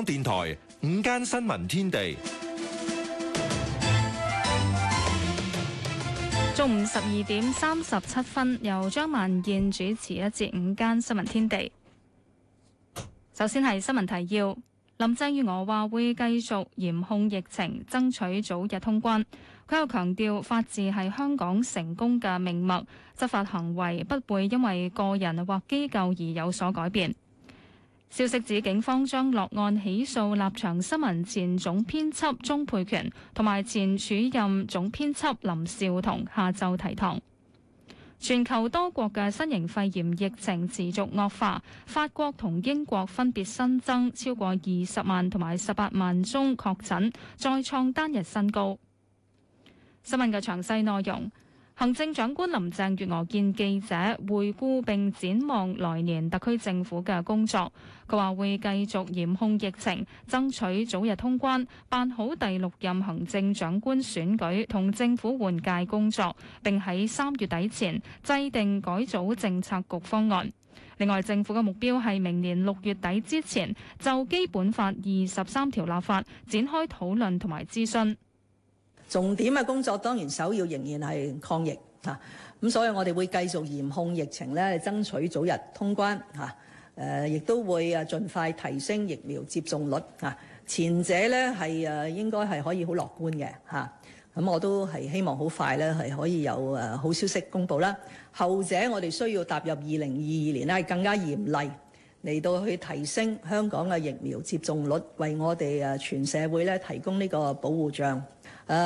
香港電台午間新聞天地，中午十二點三十七分，由張萬燕主持一節午間新聞天地。首先係新聞提要，林鄭月娥話會繼續嚴控疫情，爭取早日通關。佢又強調，法治係香港成功嘅命脈，執法行為不會因為個人或機構而有所改變。消息指警方將落案起訴立場新聞前總編輯鍾沛權同埋前主任總編輯林紹桐，下晝提堂。全球多國嘅新型肺炎疫情持續惡化，法國同英國分別新增超過二十萬同埋十八萬宗確診，再創單日新高。新聞嘅詳細內容。行政長官林鄭月娥見記者，回顧並展望來年特區政府嘅工作。佢話會繼續嚴控疫情，爭取早日通關，辦好第六任行政長官選舉同政府換屆工作，並喺三月底前制定改組政策局方案。另外，政府嘅目標係明年六月底之前就《基本法》二十三條立法展開討論同埋諮詢。重點嘅工作當然首要仍然係抗疫嚇咁、啊，所以我哋會繼續嚴控疫情咧，爭取早日通關嚇。誒、啊，亦都會啊，盡快提升疫苗接種率嚇、啊。前者咧係誒應該係可以好樂觀嘅嚇。咁、啊、我都係希望好快咧係可以有誒好消息公布啦、啊。後者我哋需要踏入二零二二年咧，更加嚴厲嚟到去提升香港嘅疫苗接種率，為我哋誒全社會咧提供呢個保護障。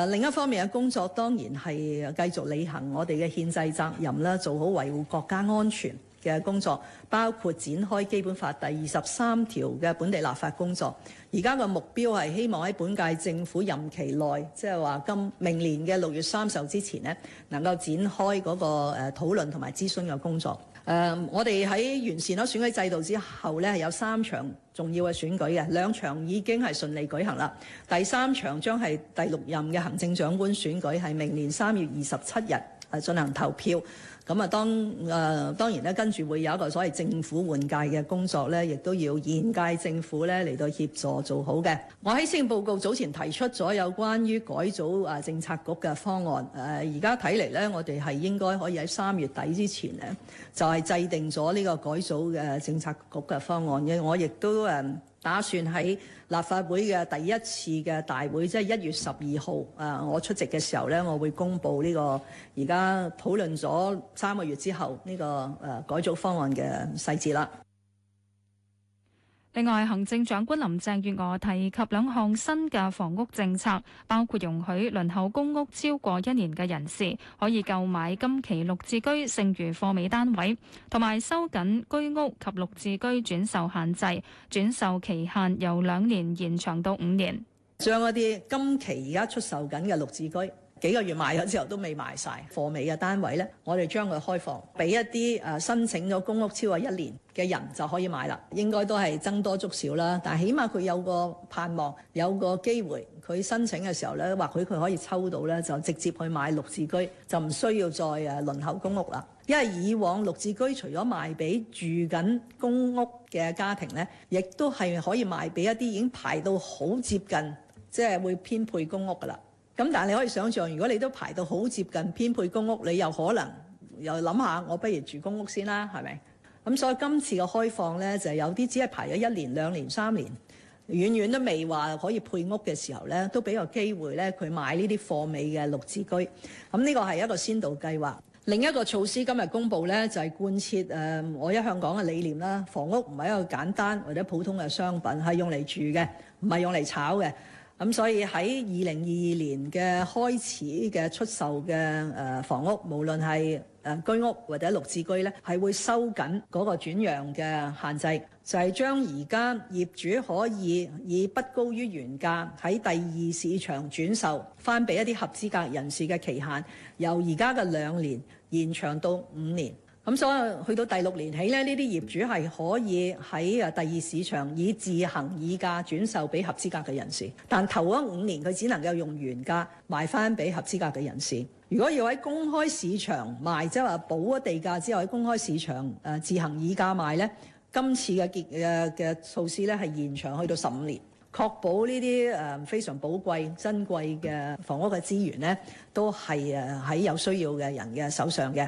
另一方面嘅工作，當然係繼續履行我哋嘅憲制責任，做好維護國家安全嘅工作，包括展開基本法第二十三條嘅本地立法工作。而家個目標係希望喺本屆政府任期內，即係話今明年嘅六月三十號之前咧，能夠展開嗰個誒討論，同埋諮詢嘅工作。誒、嗯，我哋喺完善咗選舉制度之後咧，有三場重要嘅選舉嘅，兩場已經係順利舉行啦。第三場將係第六任嘅行政長官選舉，係明年三月二十七日。係進行投票咁啊，當誒當然咧，跟、呃、住會有一個所謂政府換屆嘅工作咧，亦都要現屆政府咧嚟到協助做好嘅。我喺施政報告早前提出咗有關於改組啊政策局嘅方案。誒而家睇嚟咧，我哋係應該可以喺三月底之前咧就係制定咗呢個改組嘅政策局嘅方案嘅。我亦都誒打算喺立法會嘅第一次嘅大會，即係一月十二號，啊，我出席嘅時候咧，我會公布呢、這個而家討論咗三個月之後呢、這個誒、呃、改組方案嘅細節啦。另外，行政長官林鄭月娥提及兩項新嘅房屋政策，包括容許輪候公屋超過一年嘅人士可以購買今期綠置居剩餘貨尾單位，同埋收緊居屋及綠置居轉售限制，轉售期限由兩年延長到五年。將一啲今期而家出售緊嘅綠置居，幾個月賣咗之後都未賣晒貨尾嘅單位呢，我哋將佢開放，俾一啲誒申請咗公屋超過一年嘅人就可以買啦。應該都係增多足少啦，但係起碼佢有個盼望，有個機會，佢申請嘅時候呢，或許佢可以抽到呢，就直接去買六字居，就唔需要再誒輪候公屋啦。因為以往六字居除咗賣俾住緊公屋嘅家庭呢，亦都係可以賣俾一啲已經排到好接近，即係會編配公屋噶啦。咁但係你可以想象，如果你都排到好接近編配公屋，你又可能又諗下，我不如住公屋先啦，係咪？咁所以今次嘅開放呢，就有啲只係排咗一年、兩年、三年，遠遠都未話可以配屋嘅時候呢，都俾個機會呢，佢買呢啲貨尾嘅綠置居。咁呢個係一個先導計劃。另一個措施今日公布呢，就係、是、貫徹誒、呃、我一向講嘅理念啦。房屋唔係一個簡單或者普通嘅商品，係用嚟住嘅，唔係用嚟炒嘅。咁、嗯、所以喺二零二二年嘅開始嘅出售嘅誒、呃、房屋，無論係誒居屋或者綠置居咧，係會收緊嗰個轉讓嘅限制，就係將而家業主可以以不高於原價喺第二市場轉售翻俾一啲合資格人士嘅期限，由而家嘅兩年延長到五年。咁所以去到第六年起咧，呢啲業主係可以喺誒第二市場以自行議價轉售俾合資格嘅人士，但頭嗰五年佢只能夠用原價賣翻俾合資格嘅人士。如果要喺公開市場賣，即係話補咗地價之後，喺公開市場誒自行議價賣咧，今次嘅結嘅嘅措施咧係延長去到十五年，確保呢啲誒非常寶貴珍貴嘅房屋嘅資源咧，都係誒喺有需要嘅人嘅手上嘅。.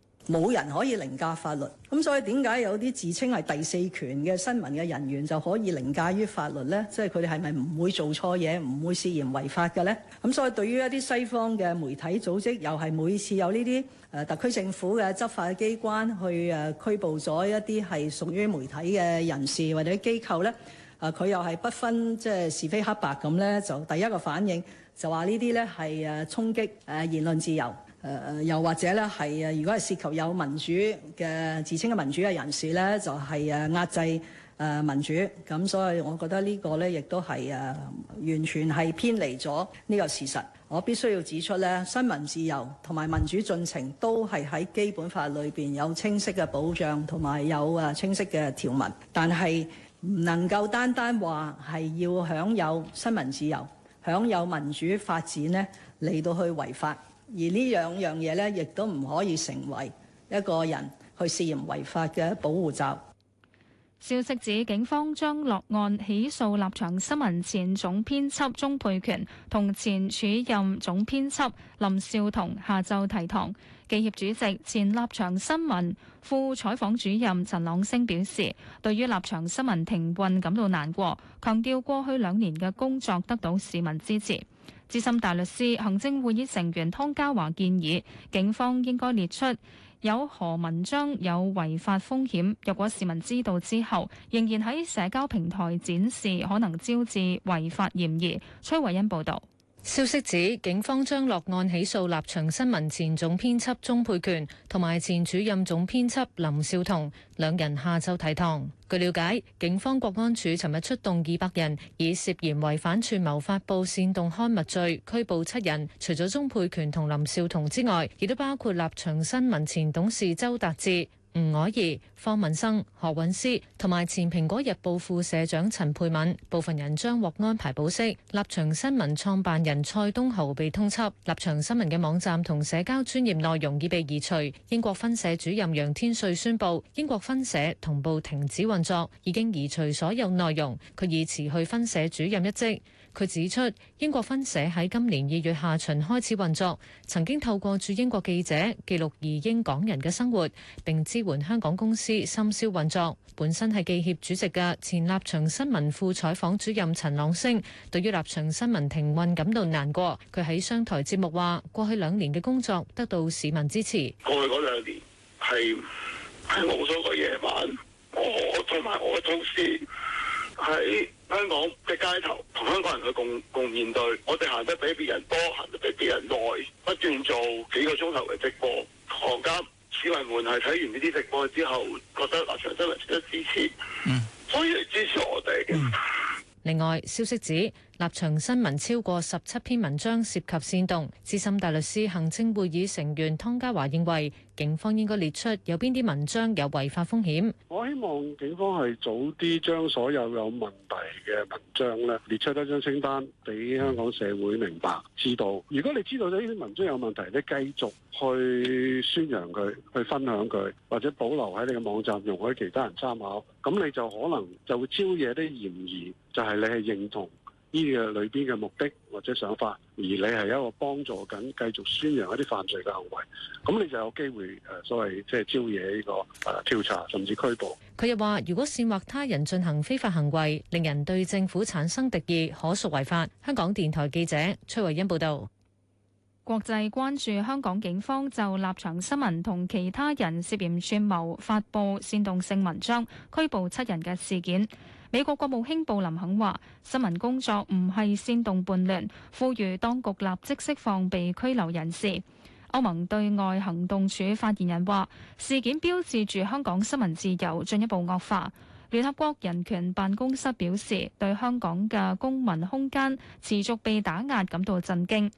冇人可以凌駕法律，咁所以點解有啲自稱係第四權嘅新聞嘅人員就可以凌駕於法律咧？即係，佢哋係咪唔會做錯嘢，唔會涉嫌違法嘅咧？咁所以對於一啲西方嘅媒體組織又係每次有呢啲誒特區政府嘅執法機關去誒、呃、拘捕咗一啲係屬於媒體嘅人士或者機構咧，啊、呃、佢又係不分即係、就是、是非黑白咁咧，就第一個反應就話呢啲咧係誒衝擊誒言論自由。誒誒、呃，又或者咧係誒，如果係涉及有民主嘅自稱嘅民主嘅人士咧，就係誒壓制誒民主。咁、呃、所以，我覺得個呢個咧亦都係誒、呃、完全係偏離咗呢個事實。我必須要指出咧，新聞自由同埋民主進程都係喺基本法裏邊有清晰嘅保障，同埋有誒清晰嘅條文。但係唔能夠單單話係要享有新聞自由、享有民主發展呢嚟到去違法。而呢兩樣嘢呢，亦都唔可以成為一個人去涉嫌違法嘅保護罩。消息指警方將落案起訴立場新聞前總編輯鍾沛權同前署任總編輯林紹桐下晝提堂。記協主席前立場新聞副採訪主任陳朗昇表示，對於立場新聞停運感到難過，強調過去兩年嘅工作得到市民支持。資深大律師、行政會議成員湯家驊建議，警方應該列出有何文章有違法風險，若果市民知道之後仍然喺社交平台展示，可能招致違法嫌疑。崔偉恩報導。消息指，警方將落案起訴立場新聞前總編輯鍾佩權同埋前主任總編輯林少彤，兩人下週提堂。據了解，警方國安處尋日出動二百人，以涉嫌違反串謀發布煽動刊物罪拘捕七人，除咗鍾佩權同林少彤之外，亦都包括立場新聞前董事周達志。吳靄儀、方文生、何韻詩同埋前蘋果日報副社長陳佩敏，部分人將獲安排保釋。立場新聞創辦人蔡東豪被通緝，立場新聞嘅網站同社交專業內容已被移除。英國分社主任楊天瑞宣布，英國分社同步停止運作，已經移除所有內容。佢已辭去分社主任一職。佢指出，英國分社喺今年二月下旬開始運作，曾經透過駐英國記者記錄移英港人嘅生活，並支援香港公司深宵運作。本身係記協主席嘅前立場新聞副採訪主任陳朗昇，對於立場新聞停運感到難過。佢喺商台節目話：過去兩年嘅工作得到市民支持，過去嗰兩年係係冇咗想個夜晚，我同埋我嘅同事喺。香港嘅街頭同香港人去共共面對，我哋行得比別人多，行得比別人耐，不斷做幾個鐘頭嘅直播。行家、市民們係睇完呢啲直播之後，覺得啊，真係值得支持，所以嚟支持我哋。另外，消息指。立場新聞超過十七篇文章涉及煽動，資深大律師、行政會議成員湯家驊認為，警方應該列出有邊啲文章有違法風險。我希望警方係早啲將所有有問題嘅文章咧列出一張清單俾香港社會明白知道。如果你知道呢啲文章有問題，你繼續去宣揚佢、去分享佢，或者保留喺你嘅網站容許其他人參考，咁你就可能就會招惹啲嫌疑，就係、是、你係認同。呢個裏邊嘅目的或者想法，而你係一個幫助緊繼續宣揚一啲犯罪嘅行為，咁你就有機會誒所謂即係招惹呢個誒調查，甚至拘捕。佢又話，如果煽惑他人進行非法行為，令人對政府產生敵意，可屬違法。香港電台記者崔慧欣報道。國際關注香港警方就立場新聞同其他人涉嫌串謀發布煽動性文章、拘捕七人嘅事件。美國國務卿布林肯話：新聞工作唔係煽動叛亂，呼籲當局立即釋放被拘留人士。歐盟對外行動處發言人話：事件標誌住香港新聞自由進一步惡化。聯合國人權辦公室表示，對香港嘅公民空間持續被打壓感到震驚。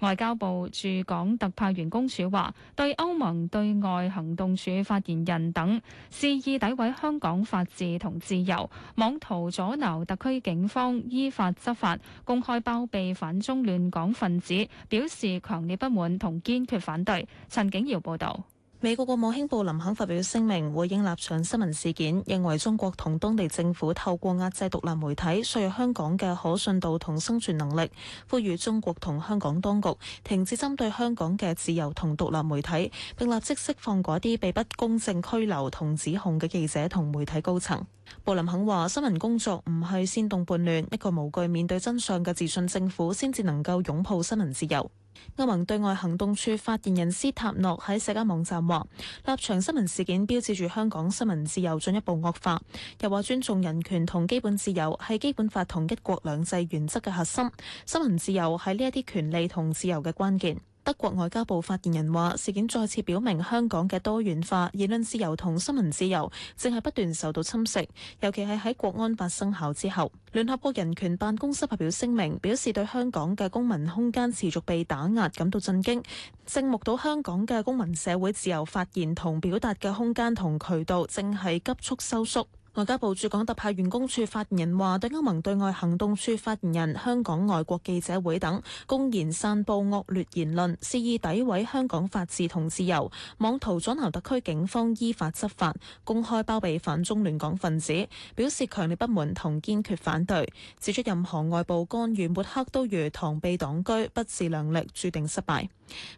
外交部駐港特派員公署話：對歐盟對外行動處發言人等肆意詆毀香港法治同自由，妄圖阻撓特區警方依法執法，公開包庇反中亂港分子，表示強烈不滿同堅決反對。陳景堯報道。美國國務卿布林肯發表聲明，回應立場新聞事件，認為中國同當地政府透過壓制獨立媒體，削弱香港嘅可信度同生存能力，呼籲中國同香港當局停止針對香港嘅自由同獨立媒體，並立即釋放嗰啲被不公正拘留同指控嘅記者同媒體高層。布林肯話：新聞工作唔係煽動叛亂，一個無懼面對真相嘅自信政府，先至能夠擁抱新聞自由。歐盟對外行動處發言人斯塔諾喺社交網站話：立場新聞事件標誌住香港新聞自由進一步惡化。又話尊重人權同基本自由係基本法同一國兩制原則嘅核心，新聞自由係呢一啲權利同自由嘅關鍵。德國外交部發言人話：事件再次表明香港嘅多元化、言論自由同新聞自由正係不斷受到侵蝕，尤其係喺《國安法》生效之後。聯合國人權辦公室發表聲明，表示對香港嘅公民空間持續被打壓感到震驚，正目睹香港嘅公民社會自由發言同表達嘅空間同渠道正係急速收縮。外交部駐港特派員工署發言人話：對歐盟對外行動處發言人、香港外國記者會等公然散佈惡劣言論，肆意詆毀香港法治同自由，妄圖阻撚特區警方依法執法，公開包庇反中亂港分子，表示強烈不滿同堅決反對，指出任何外部干預抹黑都如螳臂擋車，不自量力，注定失敗。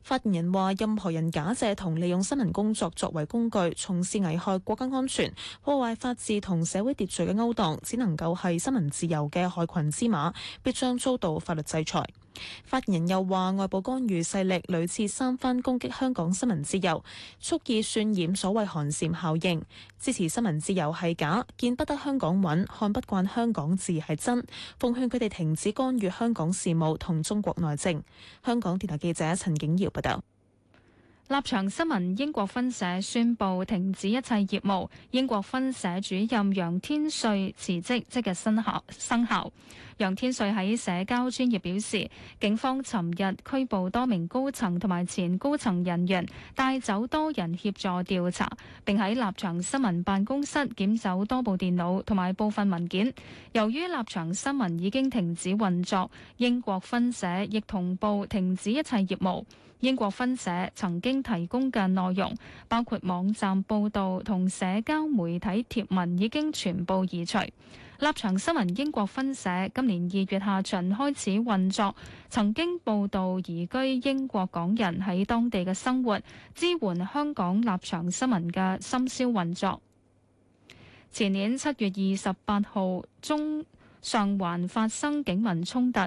發言人話：任何人假借同利用新聞工作作為工具，從事危害國家安，安全、破壞法治同社會秩序嘅勾當，只能夠係新聞自由嘅害群之馬，必將遭到法律制裁。發言人又話：外部干預勢力屢次三番攻擊香港新聞自由，蓄意渲染所謂寒蟬效應，支持新聞自由係假，見不得香港穩，看不慣香港字係真，奉勸佢哋停止干預香港事務同中國內政。香港電台記者陳景堯報道。立場新聞英國分社宣布，停止一切業務，英國分社主任楊天瑞辭職，即日生效生效。生效楊天瑞喺社交專頁表示，警方尋日拘捕多名高層同埋前高層人員，帶走多人協助調查，並喺立場新聞辦公室檢走多部電腦同埋部分文件。由於立場新聞已經停止運作，英國分社亦同步停止一切業務。英國分社曾經提供嘅內容，包括網站報道同社交媒體貼文，已經全部移除。立場新聞英國分社今年二月下旬開始運作，曾經報導移居英國港人喺當地嘅生活，支援香港立場新聞嘅深宵運作。前年七月二十八號，中上環發生警民衝突，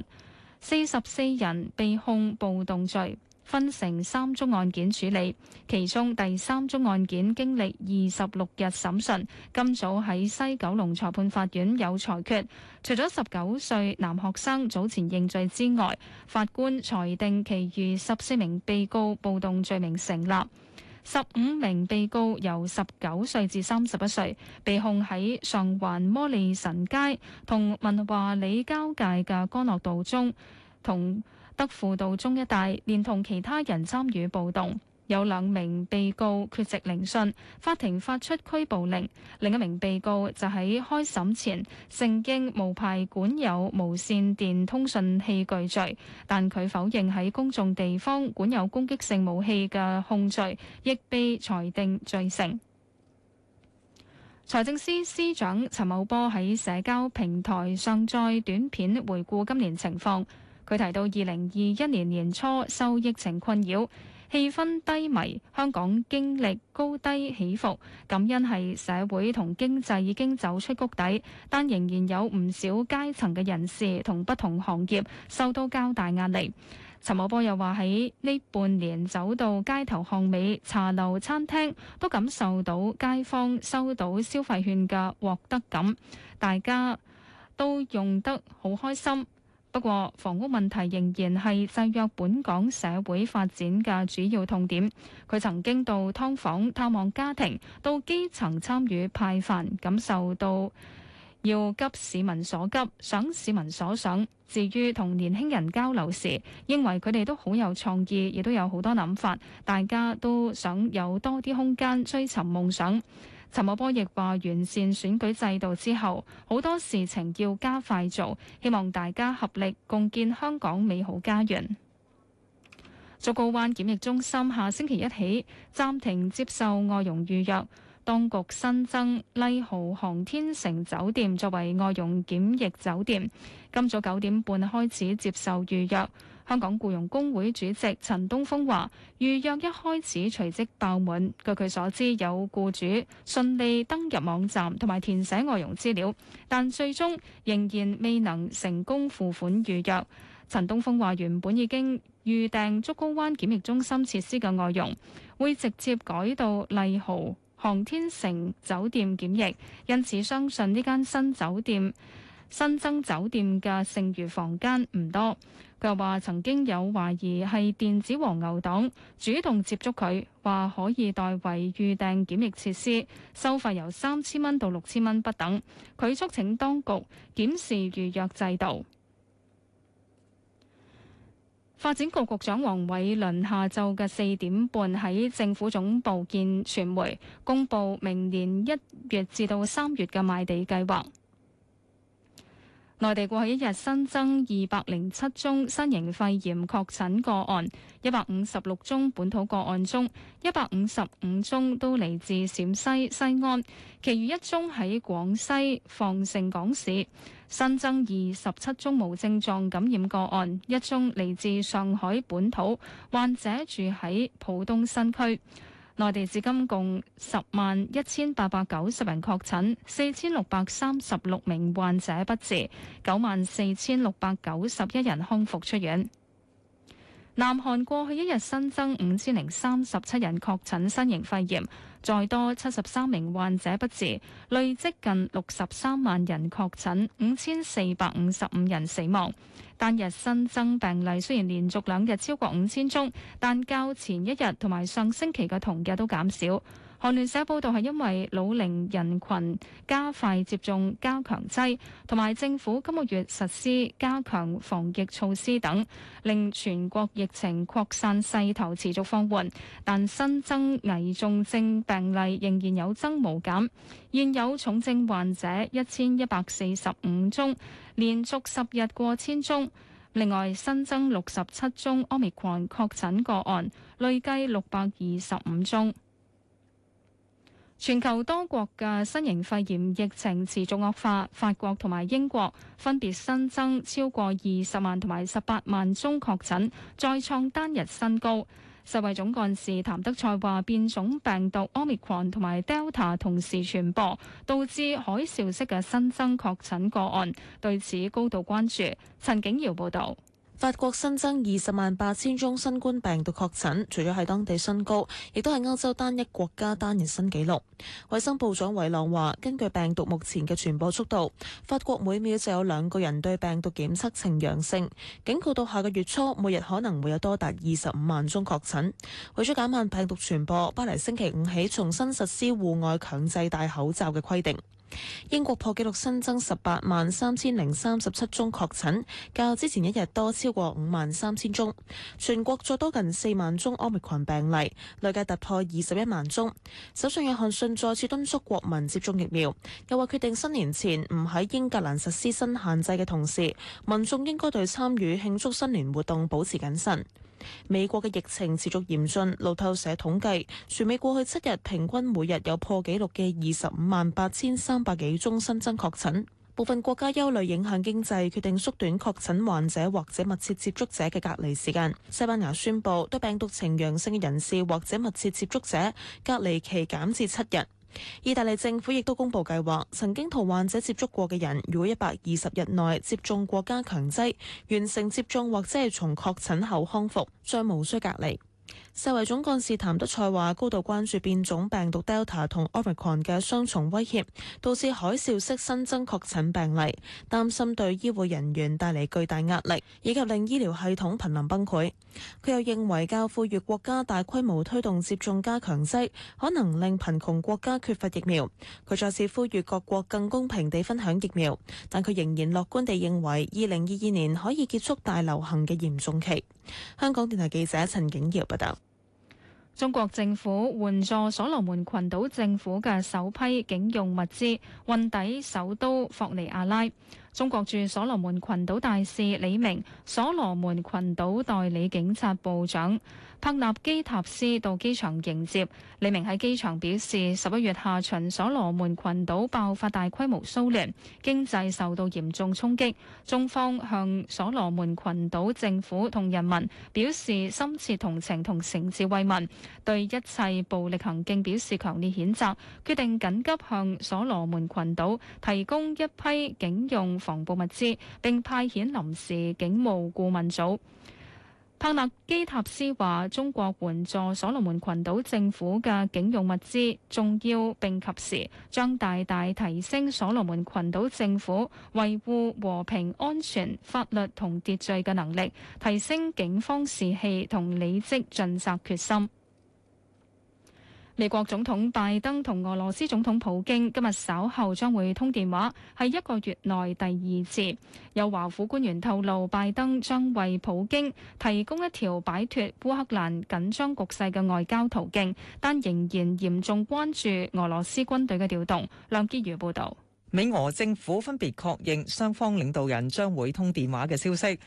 四十四人被控暴動罪。分成三宗案件處理，其中第三宗案件經歷二十六日審訊，今早喺西九龍裁判法院有裁決。除咗十九歲男學生早前認罪之外，法官裁定其餘十四名被告暴動罪名成立。十五名被告由十九歲至三十一歲，被控喺上環摩利臣街同文華里交界嘅干諾道中同德輔道中一帶連同其他人參與暴動，有兩名被告缺席聆訊，法庭發出拘捕令。另一名被告就喺開審前承認無牌管有無線電通訊器具罪，但佢否認喺公眾地方管有攻擊性武器嘅控罪，亦被裁定罪成。財政司司長陳茂波喺社交平台上載短片，回顧今年情況。佢提到，二零二一年年初受疫情困擾，氣氛低迷，香港經歷高低起伏。感恩係社會同經濟已經走出谷底，但仍然有唔少階層嘅人士同不同行業受到較大壓力。陳茂波又話，喺呢半年走到街頭巷尾，茶樓餐廳都感受到街坊收到消費券嘅獲得感，大家都用得好開心。不過，房屋問題仍然係制約本港社會發展嘅主要痛點。佢曾經到劏房探望家庭，到基層參與派飯，感受到要急市民所急，想市民所想。至於同年輕人交流時，認為佢哋都好有創意，亦都有好多諗法，大家都想有多啲空間追尋夢想。陳茂波亦話：完善選舉制度之後，好多事情要加快做，希望大家合力共建香港美好家園。竹篙灣檢疫中心下星期一起暫停接受外佣預約，當局新增麗豪航天城酒店作為外傭檢疫酒店，今早九點半開始接受預約。香港雇傭工會主席陳東峯話，預約一開始隨即爆滿，據佢所知，有雇主順利登入網站同埋填寫外傭資料，但最終仍然未能成功付款預約。陳東峯話：原本已經預訂竹篙灣檢疫中心設施嘅外傭，會直接改到麗豪航天城酒店檢疫，因此相信呢間新酒店新增酒店嘅剩餘房間唔多。佢話曾經有懷疑係電子黃牛黨主動接觸佢，話可以代為預訂檢疫設施，收費由三千蚊到六千蚊不等。佢促請當局檢視預約制度。發展局局長黃偉綸下晝嘅四點半喺政府總部見傳媒，公布明年一月至到三月嘅賣地計劃。內地過去一日新增二百零七宗新型肺炎確診個案，一百五十六宗本土個案中，一百五十五宗都嚟自陝西西安，其餘一宗喺廣西防城港市。新增二十七宗無症狀感染個案，一宗嚟自上海本土患者，住喺浦東新區。內地至今共十萬一千八百九十人確診，四千六百三十六名患者不治，九萬四千六百九十一人康復出院。南韓過去一日新增五千零三十七人確診新型肺炎。再多七十三名患者不治，累積近六十三萬人確診，五千四百五十五人死亡。單日新增病例雖然連續兩日超過五千宗，但較前一日同埋上星期嘅同日都減少。韓聯社報道，係因為老齡人群加快接種加強劑，同埋政府今個月實施加強防疫措施等，令全國疫情擴散勢頭持續放緩，但新增危重症。病例仍然有增無減，現有重症患者一千一百四十五宗，連續十日過千宗。另外新增六十七宗 Omicron 確診個案，累計六百二十五宗。全球多國嘅新型肺炎疫情持續惡化，法國同埋英國分別新增超過二十萬同埋十八萬宗確診，再創單日新高。世衛總幹事譚德賽話：變種病毒 omicron 同埋 delta 同時傳播，導致海嘯式嘅新增確診個案，對此高度關注。陳景堯報道。法國新增二十萬八千宗新冠病毒確診，除咗喺當地新高，亦都係歐洲單一國家單日新紀錄。衛生部長維朗話，根據病毒目前嘅傳播速度，法國每秒就有兩個人對病毒檢測呈陽性，警告到下個月初，每日可能會有多達二十五萬宗確診。為咗減慢病毒傳播，巴黎星期五起重新實施戶外強制戴口罩嘅規定。英國破紀錄新增十八萬三千零三十七宗確診，較之前一日多超過五萬三千宗。全國再多近四萬宗 Omicron 病例，累計突破二十一萬宗。首相約翰遜再次敦促國民接種疫苗，又話決定新年前唔喺英格蘭實施新限制嘅同時，民眾應該對參與慶祝新年活動保持謹慎。美國嘅疫情持續嚴峻，路透社統計，全美過去七日平均每日有破紀錄嘅二十五萬八千三百幾宗新增確診。部分國家憂慮影響經濟，決定縮短確診患者或者密切接觸者嘅隔離時間。西班牙宣佈，對病毒呈陽性嘅人士或者密切接觸者，隔離期減至七日。意大利政府亦都公布計劃，曾經同患者接觸過嘅人，如果一百二十日內接種過加強劑、完成接種或者係從確診後康復，將無需隔離。世衛總幹事譚德塞話：高度關注變種病毒 Delta 同 Omicron 嘅雙重威脅，導致海嘯式新增確診病例，擔心對醫護人員帶嚟巨大壓力，以及令醫療系統瀕臨崩潰。佢又認為，較富裕國家大規模推動接種加強劑，可能令貧窮國家缺乏疫苗。佢再次呼籲各國更公平地分享疫苗，但佢仍然樂觀地認為二零二二年可以結束大流行嘅嚴重期。香港電台記者陳景堯報道：中國政府援助所羅門群島政府嘅首批警用物資運抵首都霍尼亞拉。中國駐所羅門群島大使李明、所羅門群島代理警察部長帕納基塔斯到機場迎接。李明喺機場表示，十一月下旬，所羅門群島爆發大規模騷亂，經濟受到嚴重衝擊。中方向所羅門群島政府同人民表示深切同情同誠摯慰問，對一切暴力行徑表示強烈譴責，決定緊急向所羅門群島提供一批警用。防暴物資並派遣臨時警務顧問組。帕納基塔斯話：中國援助所羅門群島政府嘅警用物資重要並及時，將大大提升所羅門群島政府維護和平、安全、法律同秩序嘅能力，提升警方士氣同履職盡責決心。美國總統拜登同俄羅斯總統普京今日稍後將會通電話，係一個月內第二次。有華府官員透露，拜登將為普京提供一條擺脫烏克蘭緊張局勢嘅外交途徑，但仍然嚴重關注俄羅斯軍隊嘅調動。梁潔如報道，美俄政府分別確認雙方領導人將會通電話嘅消息。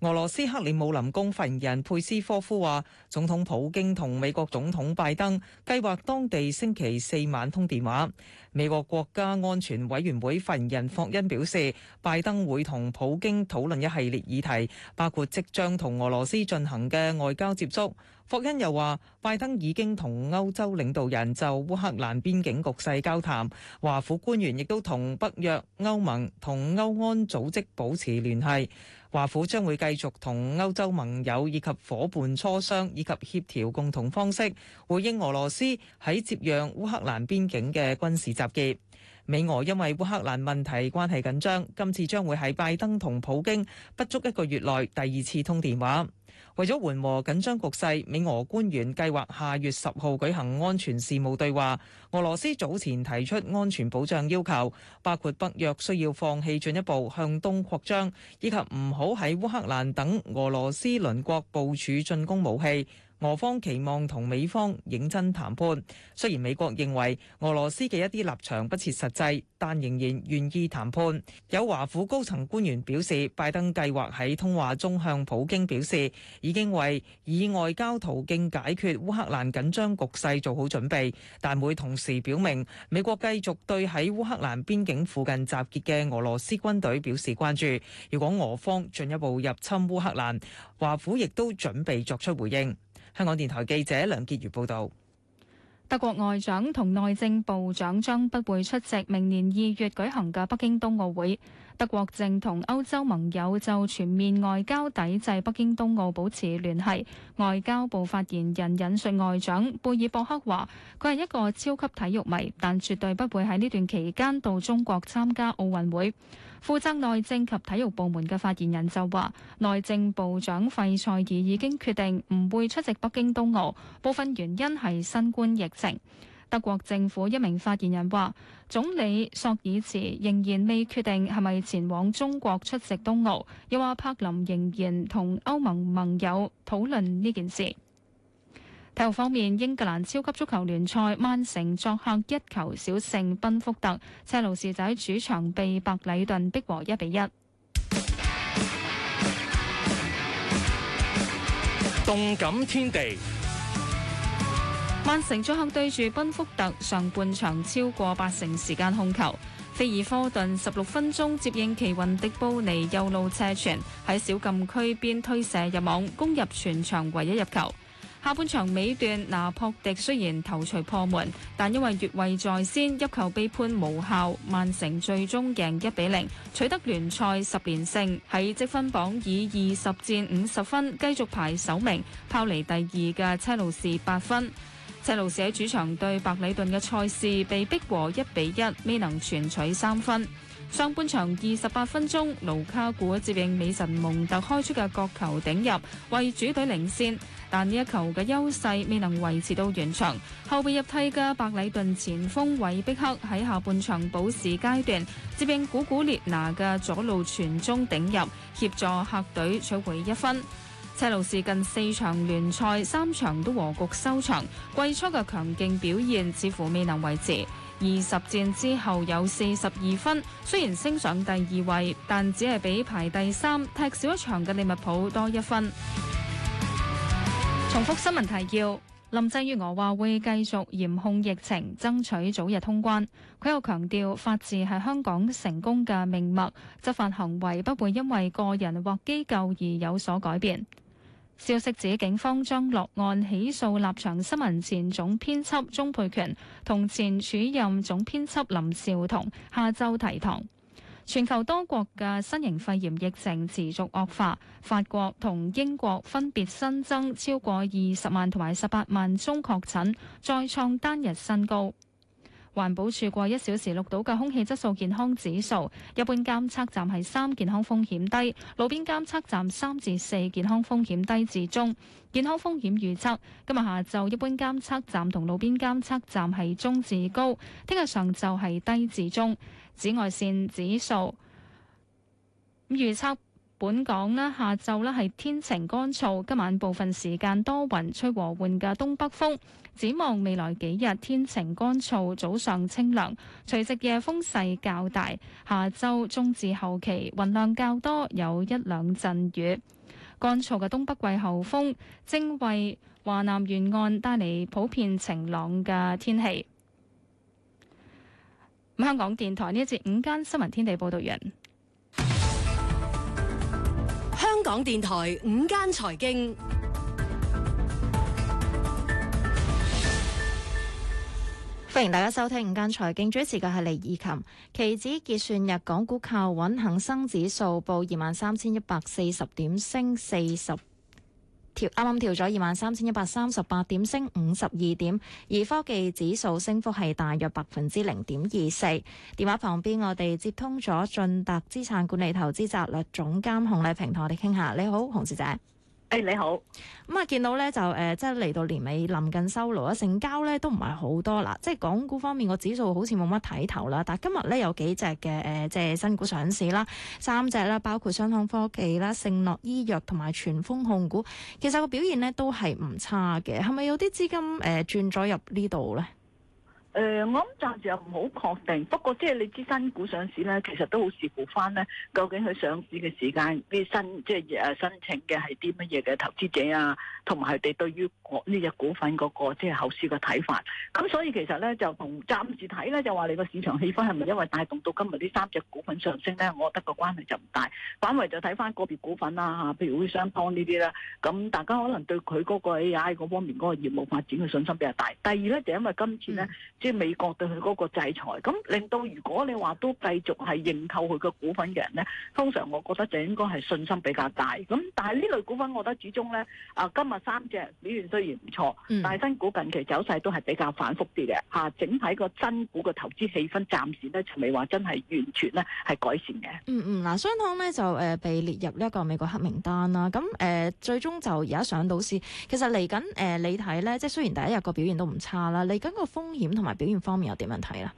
俄羅斯克里姆林宮發言人佩斯科夫話，總統普京同美國總統拜登計劃當地星期四晚通電話。美國國家安全委員會發言人霍恩表示，拜登會同普京討論一系列議題，包括即將同俄羅斯進行嘅外交接觸。霍恩又話：拜登已經同歐洲領導人就烏克蘭邊境局勢交談，華府官員亦都同北約、歐盟同歐安組織保持聯繫。華府將會繼續同歐洲盟友以及伙伴磋商以及協調共同方式，回應俄羅斯喺接壤烏克蘭邊境嘅軍事集結。美俄因為烏克蘭問題關係緊張，今次將會喺拜登同普京不足一個月內第二次通電話。為咗緩和緊張局勢，美俄官員計劃下月十號舉行安全事務對話。俄羅斯早前提出安全保障要求，包括北約需要放棄進一步向東擴張，以及唔好喺烏克蘭等俄羅斯鄰國部署進攻武器。俄方期望同美方認真談判，雖然美國認為俄羅斯嘅一啲立場不切實際，但仍然願意談判。有華府高層官員表示，拜登計劃喺通話中向普京表示，已經為以外交途徑解決烏克蘭緊張局勢做好準備，但會同時表明美國繼續對喺烏克蘭邊境附近集結嘅俄羅斯軍隊表示關注。如果俄方進一步入侵烏克蘭，華府亦都準備作出回應。香港電台記者梁潔如報道，德國外長同內政部長將不會出席明年二月舉行嘅北京冬奧會。德國正同歐洲盟友就全面外交抵制北京冬奧保持聯繫。外交部發言人引述外長貝爾博克話，佢係一個超級體育迷，但絕對不會喺呢段期間到中國參加奧運會。負責內政及體育部門嘅發言人就話，內政部長費賽爾已經決定唔會出席北京冬奧，部分原因係新冠疫情。德國政府一名發言人話，總理朔爾茨仍然未決定係咪前往中國出席冬奧，又話柏林仍然同歐盟盟友討論呢件事。體育方面，英格蘭超級足球聯賽，曼城作客一球小勝奔福特；車路士仔主場被白禮頓逼和一比一。動感天地，曼城作客對住奔福特，上半場超過八成時間控球。菲爾科頓十六分鐘接應奇雲迪布尼右路斜傳，喺小禁區邊推射入網，攻入全場唯一入球。下半場尾段，拿破迪雖然頭槌破門，但因為越位在先，一球被判無效。曼城最終贏一比零，取得聯賽十連勝，喺積分榜以二十戰五十分繼續排首名，拋離第二嘅車路士八分。車路士喺主場對白里頓嘅賽事被逼和一比一，未能全取三分。上半場二十八分鐘，盧卡古接應美神蒙特開出嘅角球頂入，為主隊領先。但呢一球嘅優勢未能維持到完場，後備入替嘅白禮頓前鋒韋碧克喺下半場補時階段接應古古列拿嘅左路傳中頂入，協助客隊取回一分。車路士近四場聯賽三場都和局收場，季初嘅強勁表現似乎未能維持。二十戰之後有四十二分，雖然升上第二位，但只係比排第三踢少一場嘅利物浦多一分。重複新聞提要。林鄭月娥話會繼續嚴控疫情，爭取早日通關。佢又強調，法治係香港成功嘅命脈，執法行為不會因為個人或機構而有所改變。消息指，警方將落案起訴立場新聞前總編輯鍾沛權同前主任總編輯林兆桐下周提堂。全球多國嘅新型肺炎疫情持續惡化，法國同英國分別新增超過二十萬同埋十八萬宗確診，再創單日新高。環保署過一小時錄到嘅空氣質素健康指數，一般監測站係三，健康風險低；路邊監測站三至四，健康風險低至中。健康風險預測，今日下晝一般監測站同路邊監測站係中至高，聽日上晝係低至中。紫外線指數咁預測，本港咧下晝咧係天晴乾燥，今晚部分時間多雲，吹和緩嘅東北風。展望未來幾日天晴乾燥，早上清涼，除夕夜風勢較大。下週中至後期雲量較多，有一兩陣雨。乾燥嘅東北季候風正為華南沿岸帶嚟普遍晴朗嘅天氣。香港電台呢一節午間新聞天地報道完。香港電台午間財經，歡迎大家收聽午間財經。主持嘅係李以琴。期指結算日，港股靠穩，恒生指數報二萬三千一百四十點，升四十。調啱啱調咗二萬三千一百三十八點，升五十二點，而科技指數升幅係大約百分之零點二四。電話旁邊，我哋接通咗進達資產管理投資策略總監洪麗萍，同我哋傾下。你好，洪小姐。誒、哎，你好，咁啊、嗯，見到咧就誒、呃，即係嚟到年尾，臨近收爐啦，成交咧都唔係好多啦，即係港股方面個指數好似冇乜睇頭啦。但係今日咧有幾隻嘅誒，即、呃、係新股上市啦，三隻啦，包括商湯科技啦、聖諾醫藥同埋全峰控股，其實個表現咧都係唔差嘅，係咪有啲資金誒轉咗入呢度咧？誒、呃，我諗暫時又唔好確定。不過，即係你知新股上市咧，其實都好視乎翻咧，究竟佢上市嘅時間，啲新即係誒申請嘅係啲乜嘢嘅投資者啊，同埋佢哋對於呢隻股份嗰、那個即係後市嘅睇法。咁所以其實咧，就同暫時睇咧，就話你個市場氣氛係咪因為帶動到今日呢三隻股份上升咧？我覺得個關係就唔大。反為就睇翻個別股份啦、啊、嚇，譬如會商通呢啲啦。咁大家可能對佢嗰個 AI 嗰方面嗰個業務發展嘅信心比較大。第二咧就因為今次咧，嗯美國對佢嗰個制裁，咁令到如果你話都繼續係認購佢嘅股份嘅人咧，通常我覺得就應該係信心比較大。咁但係呢類股份，我覺得始終咧啊，今日三隻表現雖然唔錯，但係新股近期走勢都係比較反覆啲嘅嚇。整體個新股嘅投資氣氛暫時咧就未話真係完全咧係改善嘅、嗯。嗯嗯，嗱，商湯咧就誒、呃、被列入呢一個美國黑名單啦。咁誒、呃、最終就而家上到市。其實嚟緊誒你睇咧，即係雖然第一日個表現都唔差啦，嚟緊個風險同埋。表現方面有啲問題啦。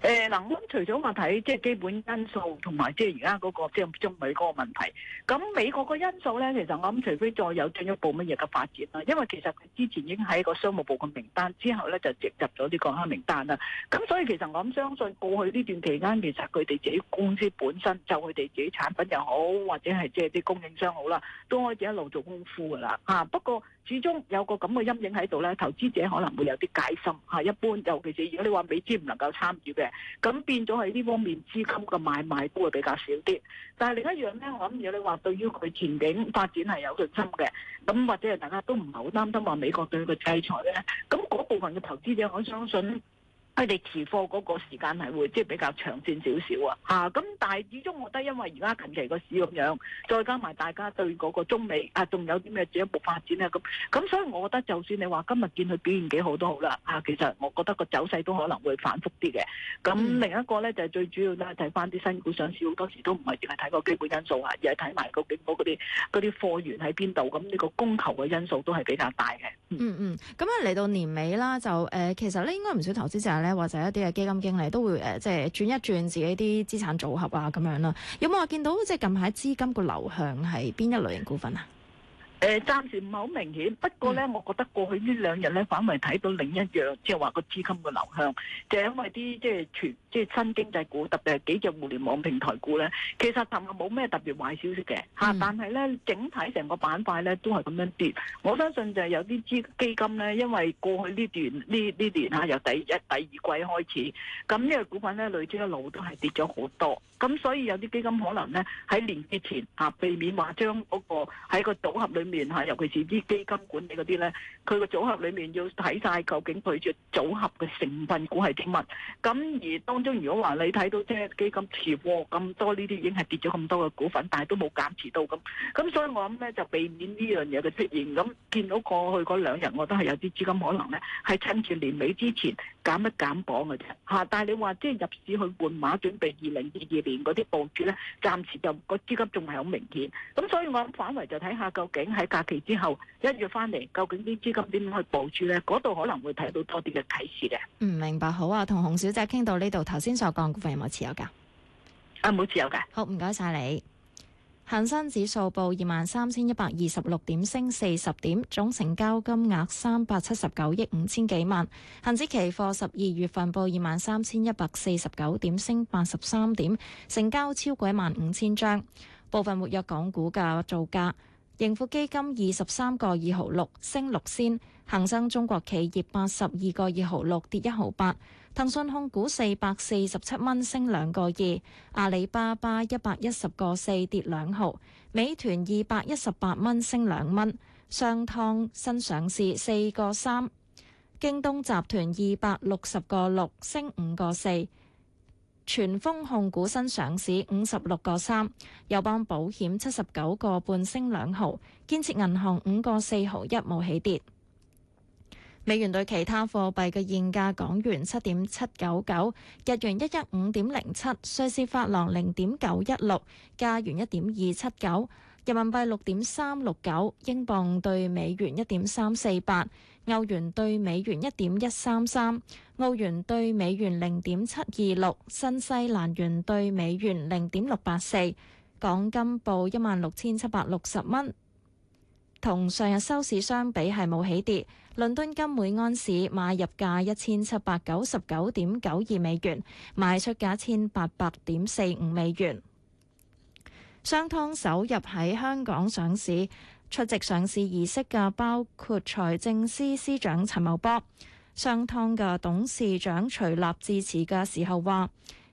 誒、呃，嗱、嗯，除我除咗話睇即係基本因素，同埋即係而家嗰個即係中美嗰個問題。咁美國嗰個因素咧，其實我諗除非再有進一步乜嘢嘅發展啦。因為其實之前已經喺個商務部嘅名單之後咧，就直入咗呢個黑名單啦。咁所以其實我諗相信過去呢段期間，其實佢哋自己公司本身就佢哋自己產品又好，或者係即係啲供應商好啦，都可以一路做功夫噶啦。啊，不過。始終有個咁嘅陰影喺度咧，投資者可能會有啲戒心嚇。一般，尤其是如果你話美資唔能夠參與嘅，咁變咗喺呢方面資金嘅買賣都會比較少啲。但係另一樣咧，我諗如果你話對於佢前景發展係有信心嘅，咁或者係大家都唔係好擔心話美國對佢制裁咧，咁嗰部分嘅投資者，我相信。佢哋持貨嗰個時間係會即係比較長線少少啊，嚇咁，但係始終我覺得因為而家近期個市咁樣，再加埋大家對嗰個中美啊，仲有啲咩進一步發展咧，咁、啊、咁、啊，所以我覺得就算你話今日見佢表現幾好都好啦，嚇、啊，其實我覺得個走勢都可能會反覆啲嘅。咁、啊、另一個咧就係、是、最主要咧睇翻啲新股上市，好多時都唔係淨係睇個基本因素啊，而係睇埋個股嗰啲嗰啲貨源喺邊度，咁呢個供求嘅因素都係比較大嘅。嗯嗯，咁啊嚟到年尾啦，就誒、呃、其實咧應該唔少投資者咧。或者一啲嘅基金經理都會誒，即係轉一轉自己啲資產組合啊，咁樣啦。有冇話見到即係近排資金個流向係邊一類型股份啊？誒，暫時唔係好明顯，不過咧，我覺得過去呢兩日咧，反為睇到另一樣，即係話個資金個流向，就係因為啲即係全。即係新經濟股，特別係幾隻互聯網平台股咧，其實尋日冇咩特別壞消息嘅嚇，但係咧，整體成個板塊咧都係咁樣跌。我相信就係有啲資基金咧，因為過去呢段呢呢段嚇由第一第二季開始，咁呢個股份咧，累積一路都係跌咗好多。咁所以有啲基金可能咧喺年結前嚇，避免話將嗰個喺個組合裡面嚇，尤其是啲基金管理嗰啲咧，佢個組合裡面要睇曬究竟佢隻組合嘅成分股係啲乜。咁而當當中如果話你睇到即係基金持貨咁多呢啲，已經係跌咗咁多嘅股份，但係都冇減持到咁，咁所以我諗咧就避免呢樣嘢嘅出現。咁見到過去嗰兩日，我都係有啲資金可能咧係趁住年尾之前減一減磅嘅啫，吓！但係你話即係入市去換馬準備二零二二年嗰啲部署咧，暫時就個資金仲係好明顯。咁所以我諗反圍就睇下究竟喺假期之後一月翻嚟，究竟啲資金點樣去部署咧？嗰度可能會睇到多啲嘅啟示嘅。嗯，明白，好啊，同洪小姐傾到呢度。頭先所講股份有冇持有㗎？啊，冇持有㗎。好，唔該晒你。恒生指數報二萬三千一百二十六點，升四十點，總成交金額三百七十九億五千幾萬。恒指期貨十二月份報二萬三千一百四十九點，升八十三點，成交超過一萬五千張。部分活躍港股嘅造價，盈富基金二十三個二毫六，升六仙。恒生中國企業八十二個二毫六，跌一毫八。騰訊控股四百四十七蚊升兩個二，阿里巴巴一百一十個四跌兩毫，美團二百一十八蚊升兩蚊，商湯新上市四個三，京東集團二百六十個六升五個四，全峰控股新上市五十六個三，友邦保險七十九個半升兩毫，建設銀行五個四毫一冇起跌。美元對其他貨幣嘅現價：港元七點七九九，日元一一五點零七，瑞士法郎零點九一六，加元一點二七九，人民幣六點三六九，英鎊對美元一點三四八，歐元對美元一點一三三，澳元對美元零點七二六，新西蘭元對美元零點六八四。港金報一萬六千七百六十蚊，同上日收市相比係冇起跌。倫敦金每安士買入價一千七百九十九點九二美元，賣出價一千八百點四五美元。商湯首入喺香港上市，出席上市儀式嘅包括財政司司長陳茂波。商湯嘅董事長徐立致辭嘅時候話：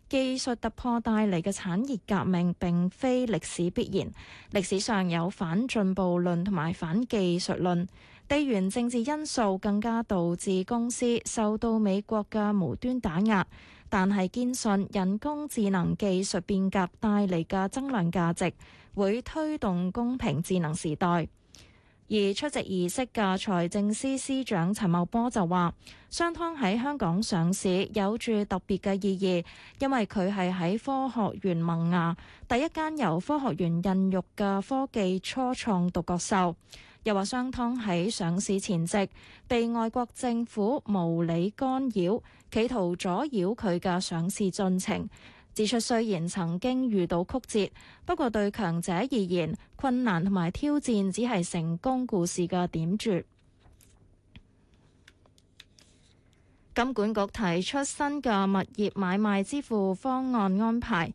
技術突破帶嚟嘅產業革命並非歷史必然，歷史上有反進步論同埋反技術論。地緣政治因素更加導致公司受到美國嘅無端打壓，但係堅信人工智能技術變革帶嚟嘅增量價值會推動公平智能時代。而出席儀式嘅財政司司長陳茂波就話：商湯喺香港上市有住特別嘅意義，因為佢係喺科學園萌芽第一間由科學園孕育嘅科技初創獨角獸。又話商湯喺上市前夕被外國政府無理干擾，企圖阻擾佢嘅上市進程。指出雖然曾經遇到曲折，不過對強者而言，困難同埋挑戰只係成功故事嘅點綴。金管局提出新嘅物業買賣支付方案安排。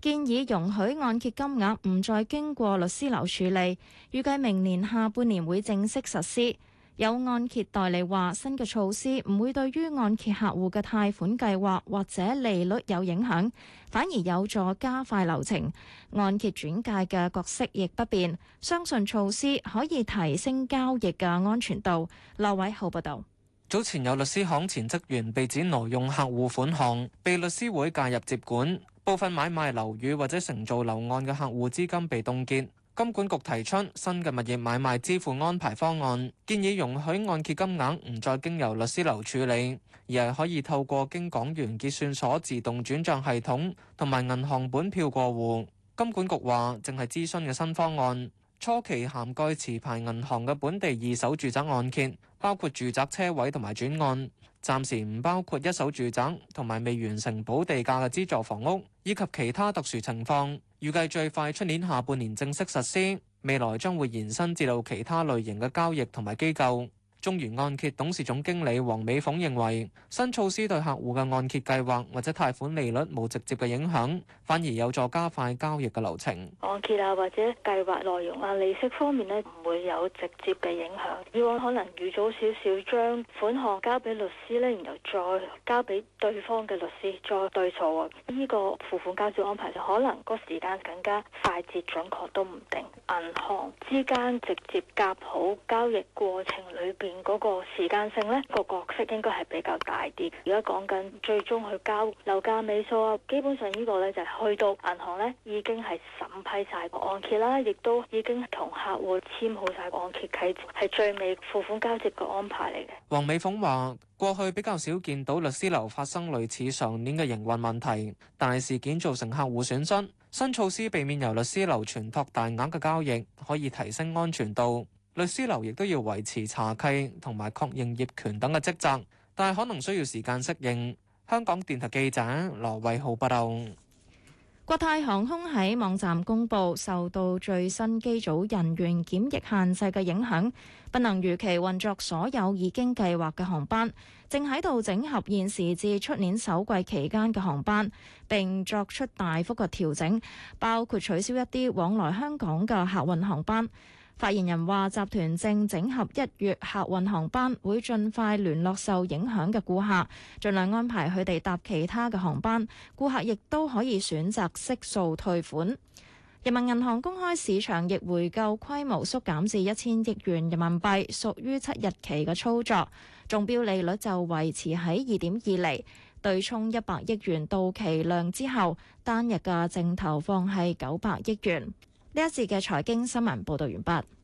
建議容許按揭金額唔再經過律師樓處理，預計明年下半年會正式實施。有按揭代理話，新嘅措施唔會對於按揭客戶嘅貸款計劃或者利率有影響，反而有助加快流程。按揭轉介嘅角色亦不變，相信措施可以提升交易嘅安全度。劉偉浩報道，早前有律師行前職員被指挪用客戶款項，被律師會介入接管。部分買賣樓宇或者承造樓按嘅客戶資金被凍結，金管局提出新嘅物業買賣支付安排方案，建議容許按揭金額唔再經由律師樓處理，而係可以透過經港元結算所自動轉賬系統同埋銀行本票過戶。金管局話，淨係諮詢嘅新方案。初期涵蓋持牌銀行嘅本地二手住宅按揭，包括住宅車位同埋轉按，暫時唔包括一手住宅同埋未完成補地價嘅資助房屋，以及其他特殊情況，預計最快出年下半年正式實施，未來將會延伸至到其他類型嘅交易同埋機構。中原按揭董事總經理黃美鳳認為，新措施對客戶嘅按揭計劃或者貸款利率冇直接嘅影響，反而有助加快交易嘅流程。按揭啊，或者計劃內容啊，利息方面咧唔會有直接嘅影響。以往可能預早少少將款項交俾律師咧，然後再交俾對方嘅律師再對數啊，呢個付款交接安排就可能個時間更加快捷準確都唔定。銀行之間直接夾好交易過程裏邊。嗰個時間性咧，個角色應該係比較大啲。而家講緊最終去交樓價尾數啊，基本上呢個咧就係去到銀行咧已經係審批晒個按揭啦，亦都已經同客戶簽好晒個按揭契約，係最尾付款交接嘅安排嚟嘅。黃美鳳話：過去比較少見到律師樓發生類似上年嘅營運問題，但係事件造成客戶損失。新措施避免由律師樓傳託大額嘅交易，可以提升安全度。律師樓亦都要維持查契同埋確認業權等嘅職責，但係可能需要時間適應。香港電台記者羅偉浩報道。國泰航空喺網站公布，受到最新機組人員檢疫限制嘅影響，不能如期運作所有已經計劃嘅航班，正喺度整合現時至出年首季期間嘅航班，並作出大幅嘅調整，包括取消一啲往來香港嘅客運航班。發言人話：集團正整合一月客運航班，會盡快聯絡受影響嘅顧客，盡量安排佢哋搭其他嘅航班。顧客亦都可以選擇悉數退款。人民銀行公開市場逆回購規模縮減至一千億元人民幣，屬於七日期嘅操作。中標利率就維持喺二點二厘，對沖一百億元到期量之後，單日嘅淨投放係九百億元。呢一節嘅財經新聞報道完畢。